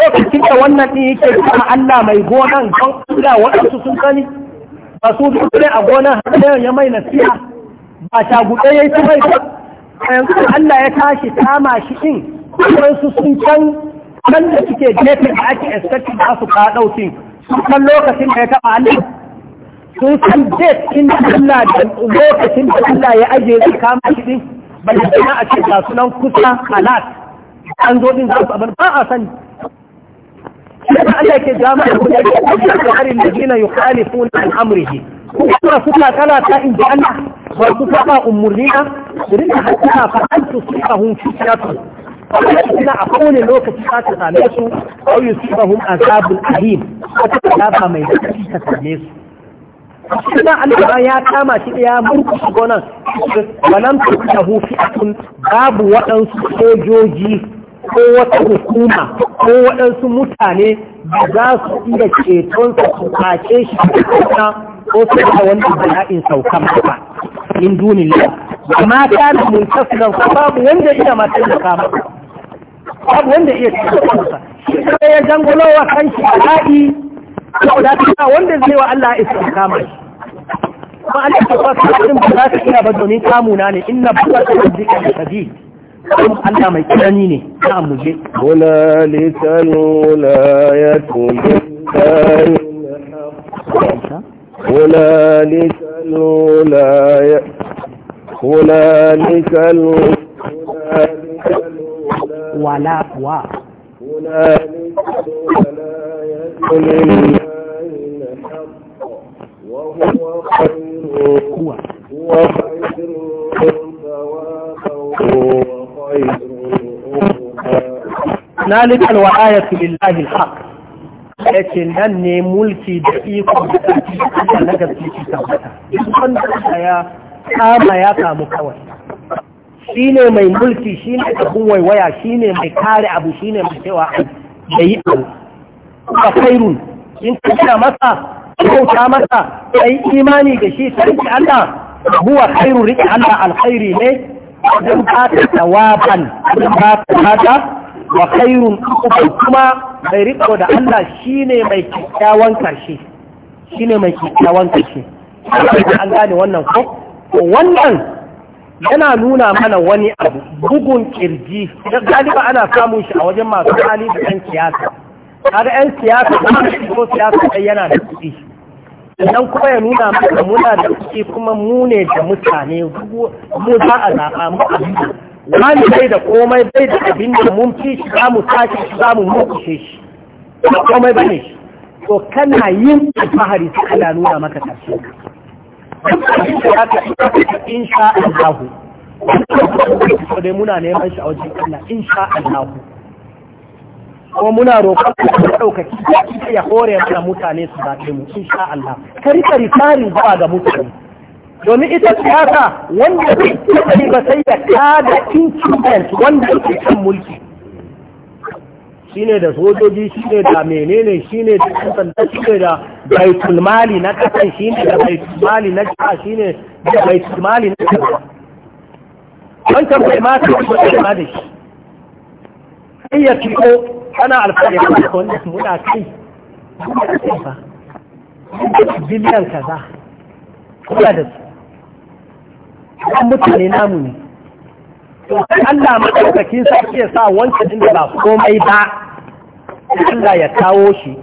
lokacin da wannan ɗin yake kuma Allah mai gonan don Allah waɗansu sun sani ba su dukkan a gonan hannun ya mai nasiha ba ta guɗe ya yi ta mai ba yanzu Allah ya tashi kama shi ɗin waɗansu sun can kan da suke gefe da ake eskacin ba su ka ɗaukin sun lokacin da ya taɓa Allah sun san date in da Allah da lokacin da Allah ya aje su kama shi din balle kuma a ce ga sunan kusa alat an zo din za su abin ba a sani da Allah ke jama da kuma yake ajiya da harin da gina yukhalifuna an amrihi kuma suna kala ta in ji Allah ba su saba umurnina su rinka hakika fa an su suka hun fitnatu ina a kowane lokaci za ta same su au yusufahum azabul ahim wata azaba mai da ta same su sannan Allah ya kama shi ya su gonan hufi a fi'atun babu waɗansu sojoji ko wata hukuma ko waɗansu mutane da za su iya ceton su kace shi ko su da wani bala'in sauka in min dunillah amma ta da nan ko babu wanda iya ma da kama babu wanda iya cikin masa shi ya kan shi a bala'i saboda haka wanda zai wa Allah isa kama shi ba Allah ta ba ka din ba za ka iya ba domin kamuna ne inna ba ka rabbika shadid Allah mai kirani ne ta mu je wala lisan wala yatul ولا لسان ولا ي... ولا لسان ولا ولا ولا Na خير هو خير ثوابا وخير ذلك الولاية nan ne mulki da iko da kake da na gaske ki tabbata wanda ya kama ya kamu kawai Shi ne mai mulki shi ne shine abun shi ne mai kare abu shi ne mai cewa da yi abu ka khairun in ka kira masa kyauta masa yi imani da shi ka riƙe Allah huwa khairun riƙe Allah alkhairi ne don ba ta tawaban don ba ta hada wa khairun kuma mai riƙo da Allah ne mai kyakkyawan karshe shine mai kyakkyawan karshe an gane wannan ko wannan yana nuna mana wani abu bugun kirji da galiba ana samun shi a wajen masu hali da ɗan siyasa kaga yan siyasa ko siyasa ɗai yana da kuɗi sannan kuma ya nuna maka muna da kuɗi kuma mu ne da mutane mu za a zaɓa mu biyu wani bai da komai bai da abin da mun fi shi za mu tashi shi za mu mukushe shi ba komai ba ne shi to kana yin alfahari su ana nuna maka ƙarshen ka in sha Allahu dai muna neman shi a wajen Allah in sha kuma muna roƙon ka ɗaukaki ya hore mana mutane su zaɓe mu insha Allah ka rika rifarin zuwa ga mutane domin ita siyasa wanda bai taɓa ba sai da kada incumbent wanda ke kan mulki shine da sojoji shine da menene shine da ɗan sanda shine da baitulmali na shi shine da baitulmali na shi shine da baitulmali na ƙasa wancan bai ma ta da shi sai ya kana alfahari ba wannan muna kai muna kai fa biliyan kaza kula da su kan mutane namu ne sai Allah madaukakin sa ya sa wancan din da ba komai ba Allah ya kawo shi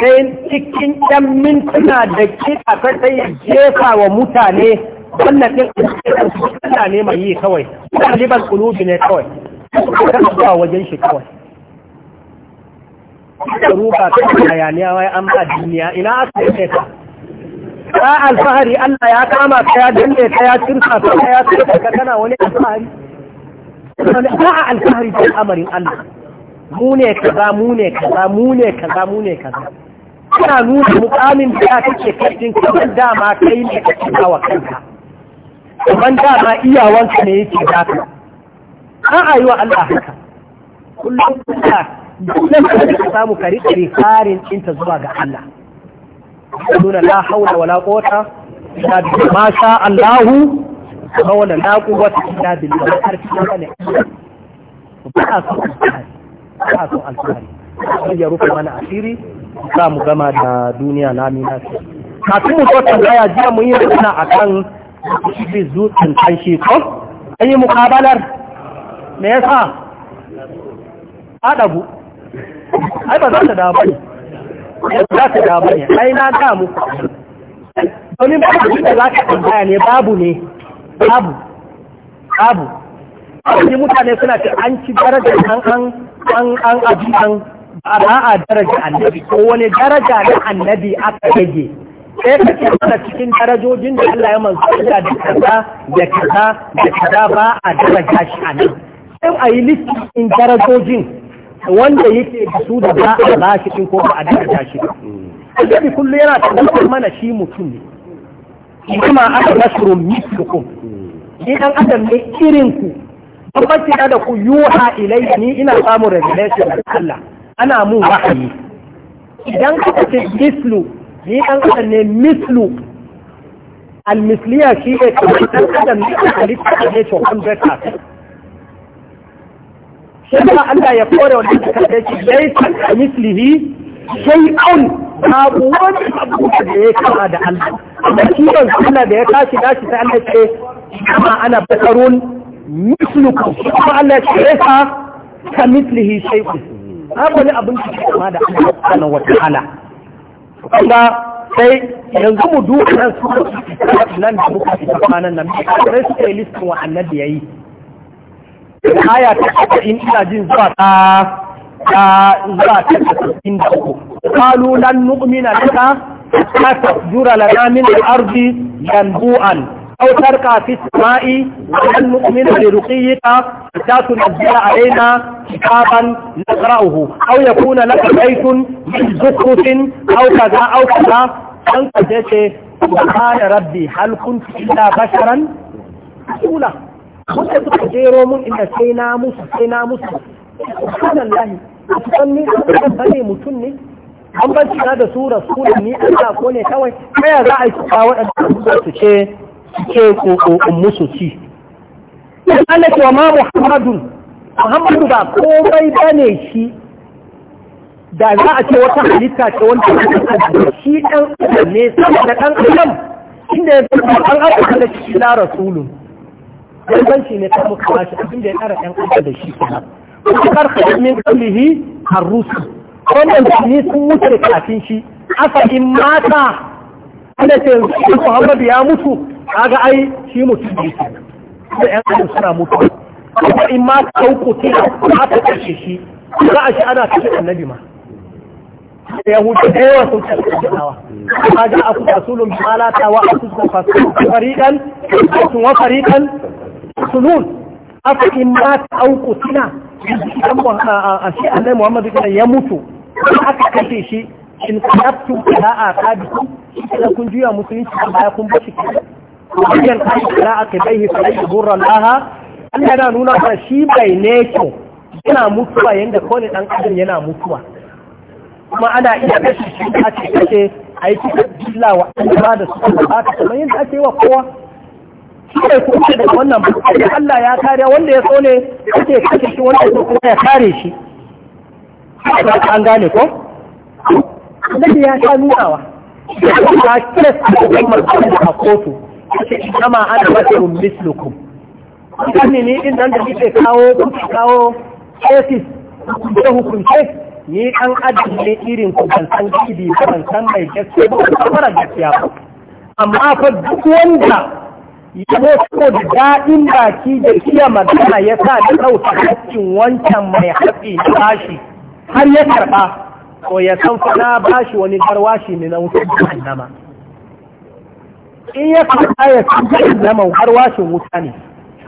sai cikin ɗan mintuna da kika ta sai ya jefa wa mutane wannan ɗin Allah ne mai yi kawai liban kulubi ne kawai kan zuwa wajen shi kawai da ruba ta hayaniya wai an ba duniya ina aka yi ta ta alfahari Allah ya kama ka ya danne ka ya cirka ka ya cirka ka kana wani alfahari ba a alfahari ta amarin Allah mu ne kaza mu ne kaza mu ne kaza mu ne kaza kana nuna mukamin da ya kake kajin kaman dama kai ne ka cika wa kanka kaman dama iyawanka ne yake zaka a yi wa Allah haka kullum Allah dukkan da ka samu ka rika rifarin ɗinta zuwa ga Allah nuna la haula wala quwwata illa billah ma sha Allahu haula la quwwata illa billah har ki ga ne ba so ba so alfahari sai ya rufe mana asiri za mu gama da duniya na mina kafin mu zo tambaya jiya mun yi rana akan shi zucin kan shi ko an yi mukabalar me yasa adabu ai ba za ta dawo bane za ta dawo bane ai na ga muku domin ba su da za ka tambaya ne babu ne babu babu abin mutane suna ce an ci darajar an an an an abin an ba a daraja annabi ko wani daraja na annabi aka rage sai ka ce mana cikin darajojin da Allah ya manzo Allah da kaza da kaza da kaza ba a daraja shi anan. sai a yi listin darajojin wanda yake da su da za a ba shi din ko ba a dakata shi ba annabi kullu yana tabbatar mana shi mutum ne kuma aka bashiru mislukum ni dan adam ne irin ku babbaci da ku yuha ilayya ni ina samun revelation daga Allah ana mun wahayi idan aka ce mislu ni dan adam ne mislu al misliya shi ne kamar dan adam ne a halitta ne to sai kuma Allah ya kore wani da kake shi dai ka mislihi aun babu wani abu da ya kama da Allah amma shi ban da ya tashi tashi sai Allah ce kama ana basarun mislukum kuma Allah ce sa ka mislihi ku. babu wani abin da kama da Allah subhanahu wata ala, kuma sai yanzu mu duka nan su nan da muka fita kwanan nan sai kuma yi listin wa'annan da ya yi aya ta arba'in ina jin zuwa ta ta zuwa ta arba'in da uku kalu lan nu'mina laka ta tasjura lana min al-ardi yanbu'an أو ترقى في السماء ولن نؤمن لرقيك حتى تنزل علينا كتابا نقرأه أو يكون لك بيت من زخرف أو كذا أو كذا أنت سبحان ربي هل كنت إلا بشرا رسولا wanda suka jero mun inda sai na musu sai na musu sunan lahi a cikin ni a bane mutum ne an bar shi da su rasulun ni Allah ko ne kawai kaya za a yi kuka waɗanda su ce su ce musu ci Allah ce wa ma Muhammadu, Muhammadu ba komai bane shi da za a ce wata halitta ce wanda shi ɗan ne sama da ɗan adam inda ya zama ɗan adam da shi na rasulun banbanci ne kan muka bashi abin da ya kara ɗan ƙasa da shi kuma kuma min harusu wannan tuni sun mutu da kafin shi mata ce Muhammad ya mutu kaga ai shi mutu ne ƴan suna mutu kuma in shi za a shi ana kashe annabi ma yahudu sunun aka in ma ta auku suna a shi annai muhammadu kana ya mutu kuma aka kashe shi in kayaftu kada a kabiku shi kada kun juya musulunci a baya kun bashi kada wannan kashe kada a kai bai hifa yi burra laha an yana nuna ka shi bai ne kyau yana mutuwa yadda kone ɗan kadir yana mutuwa kuma ana iya kashe shi a cikin kashe a yi cikin jila wa an da su ba ta kamar yadda ake yi wa kowa kawai ku ce daga wannan bukari Allah ya kare wanda ya tsone kake kake shi wanda ya kuma ya kare shi an gane ko Annabi ya sha nunawa ya kira su da mutum a kotu kace kama ana basirun mislukum kani ne din nan da kike kawo kuke kawo cases da hukunce ni an adam ne irin ku ban san gidi ban san mai gaske ba ban fara gaskiya ba amma fa duk wanda yabo ko da daɗin baki da iya magana ya sa da ɗauka hakkin wancan mai haƙi na bashi har ya karɓa ko ya san fana bashi wani garwashi ne na wutar jahannama in ya karɓa ya san jahannama garwashin wuta ne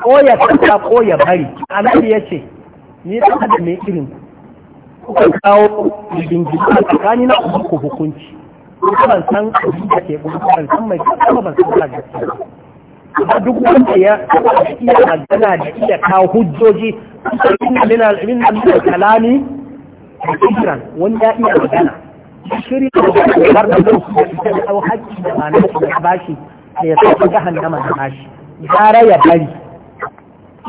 ko ya karɓa ko ya bari annabi ya ce ni da da mai irin kuka kawo rigingimu a tsakani na ku hukunci ban san abin da ke ban san mai kuma ban san gaskiya amma duk wanda ya iya magana da iya kawo hujjoji min al kalami hijran wanda iya magana shiri da bar da su da kawo haƙƙi da ma'ana da bashi da ya sauka hannama da bashi gara ya bari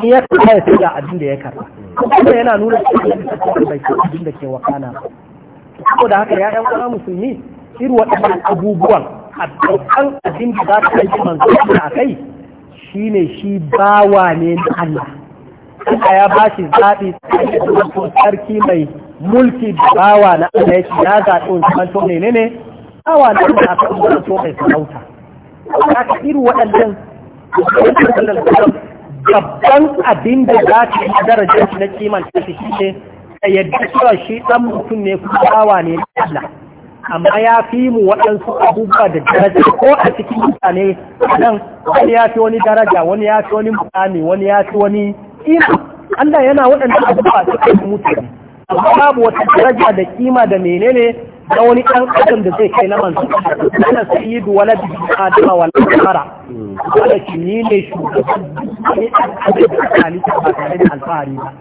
in ya karɓa ya sai abin da ya karɓa kuma yana nuna da da bai ke abin da ke wakana saboda haka ya ɗan uwa musulmi irin waɗannan abubuwan a ɗaukan abin da za ta yi manzo a kai ne shi bawa ne na Allah Allah ya ba shi zaɓi sarki mai mulki bawa na Allah ya ce ya zaɓi usmanto ne ne ne bawa na Allah aka usmanto mai sarauta za ka iri waɗannan babban abin da za ka yi darajar na kimanta shi ne ka yadda cewa shi ɗan mutum ne kuma bawa ne na Allah amma ya fi mu waɗansu abubuwa da daraja ko a cikin mutane nan wani ya fi wani daraja wani ya fi wani mutane wani ya fi wani ina Allah yana waɗannan abubuwa su cikin mutane amma babu wata daraja da kima da menene na wani ɗan adam da zai kai na manzo ana sayyidu wala bi adama wal fara wala ki ni ne shugaban ne da ba tare da alfahari ba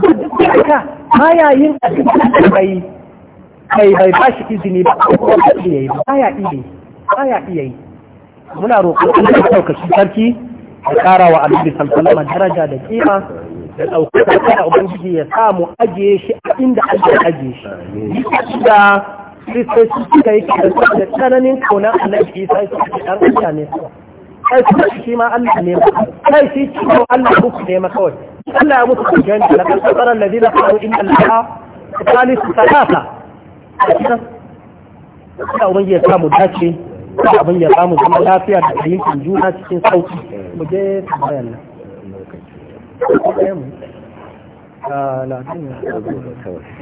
duk da haka baya yin abin da kai. bai bai ba shi izini ba ba iya yi iya yi iya yi muna roƙon Allah ya sauka shi sarki da ƙara wa Annabi sallallahu alaihi daraja da kima da ɗaukaka kada ubangiji ya samu ajiye shi a inda Allah ya ajiye shi da kristoci suka yi kyauta da tsananin kauna Annabi Isa su ke ɗan Allah ne kai kuma shi ma Allah ne kai shi cikin Allah uku ne ma kawai Allah ya mutu kujanta na ƙasar ladina qalu inna Allah ثالث ثلاثة a cikin da ya samu dace da abin ya samu zama lafiya da fahimtar juna cikin sauki mu je tambayar nan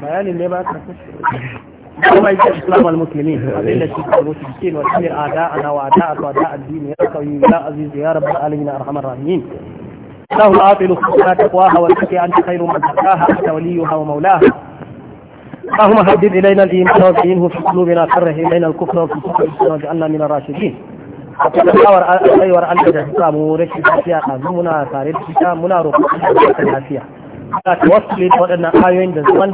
bayanin ne ba ka kuma yake islam al-muslimin abinda shi kan musulmin ne a ada ana wa ada a da addini ya kauyi ya azizu ya rabbal alamin arhamar rahimin له العاطل الصلاة a والتي أنت خير من تقاها أنت وليها ومولاها اللهم حبب الينا الايمان وزينه في قلوبنا كره الينا الكفر والفسوق واجعلنا من الراشدين baiwar Allah da suka mu rashin lafiya a muna tare da ita muna توصل da lafiya ta tawassuli da waɗannan ayoyin da zaman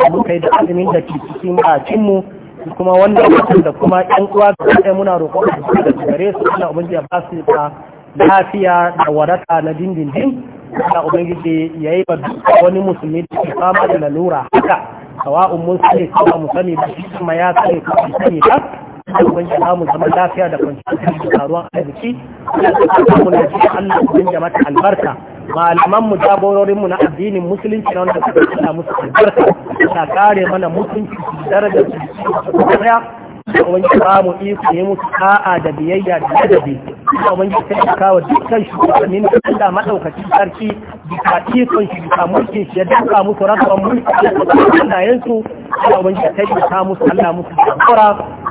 da da kuma wanda da kuma ƴan uwa da kai muna roƙon da gare su Allah ubangiji ya basu su ta lafiya da waraka na dindindin Allah ubangiji yayi wa wani musulmi da ke fama da lalura haka sawa'un mun sani ko ba mu sani ba kuma ya sani ko ba sani ba ubangiji ya mu zaman lafiya da kwanciyar da karuwan arziki ya saka mu na ji Allah ubangiji ya mata albarka malaman mu jagororin mu na addinin musulunci na wanda suka kula musu albarka ta kare mana mutunci darajar da su wani kira mu iko ne musu a'a da biyayya da ladabi kuma ubangiji sai ka wa dukkan shugabannin da Allah madaukakin sarki bisa ikon shi da mulki shi ya duka musu rabban mulki da hannayen su Allah ubangiji sai ka musu Allah musu jagora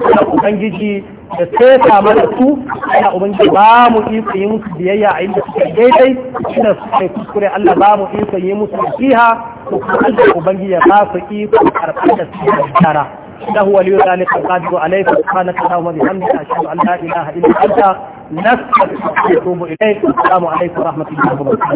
Allah ubangiji da seta mana su Allah ubangiji ba mu iko yi musu biyayya a inda suke daidai su kai kuskure Allah ba mu iko yi musu nasiha ko Allah ubangiji ya ba su iko karɓar da su da tara إنه ولي ذلك القادر عليه سبحانك اللهم وبحمدك أشهد أن لا إله إلا أنت نستغفرك ونتوب إليك السلام عليكم ورحمة الله وبركاته